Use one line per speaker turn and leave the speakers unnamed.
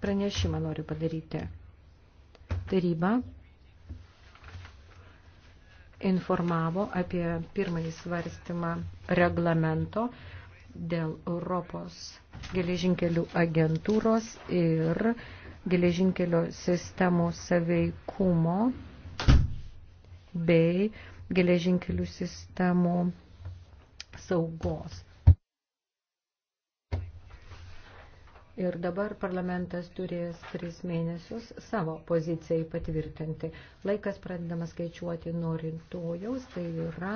pranešimą noriu padaryti. Taryba informavo apie pirmąjį svarstymą reglamento dėl Europos geležinkelių agentūros ir geležinkelio sistemų saveikumo bei geležinkelių sistemų saugos. Ir dabar parlamentas turės tris mėnesius savo pozicijai patvirtinti. Laikas pradedamas skaičiuoti norintojaus, tai yra